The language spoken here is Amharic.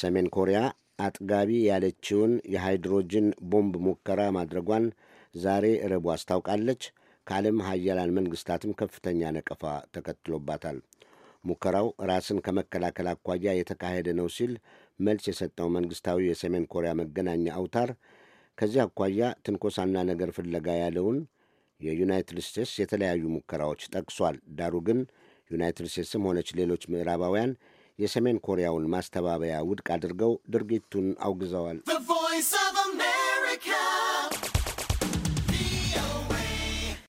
ሰሜን ኮሪያ አጥጋቢ ያለችውን የሃይድሮጅን ቦምብ ሙከራ ማድረጓን ዛሬ ረቡዕ አስታውቃለች። ከዓለም ሀያላን መንግስታትም ከፍተኛ ነቀፋ ተከትሎባታል። ሙከራው ራስን ከመከላከል አኳያ የተካሄደ ነው ሲል መልስ የሰጠው መንግስታዊ የሰሜን ኮሪያ መገናኛ አውታር ከዚህ አኳያ ትንኮሳና ነገር ፍለጋ ያለውን የዩናይትድ ስቴትስ የተለያዩ ሙከራዎች ጠቅሷል። ዳሩ ግን ዩናይትድ ስቴትስም ሆነች ሌሎች ምዕራባውያን የሰሜን ኮሪያውን ማስተባበያ ውድቅ አድርገው ድርጊቱን አውግዘዋል።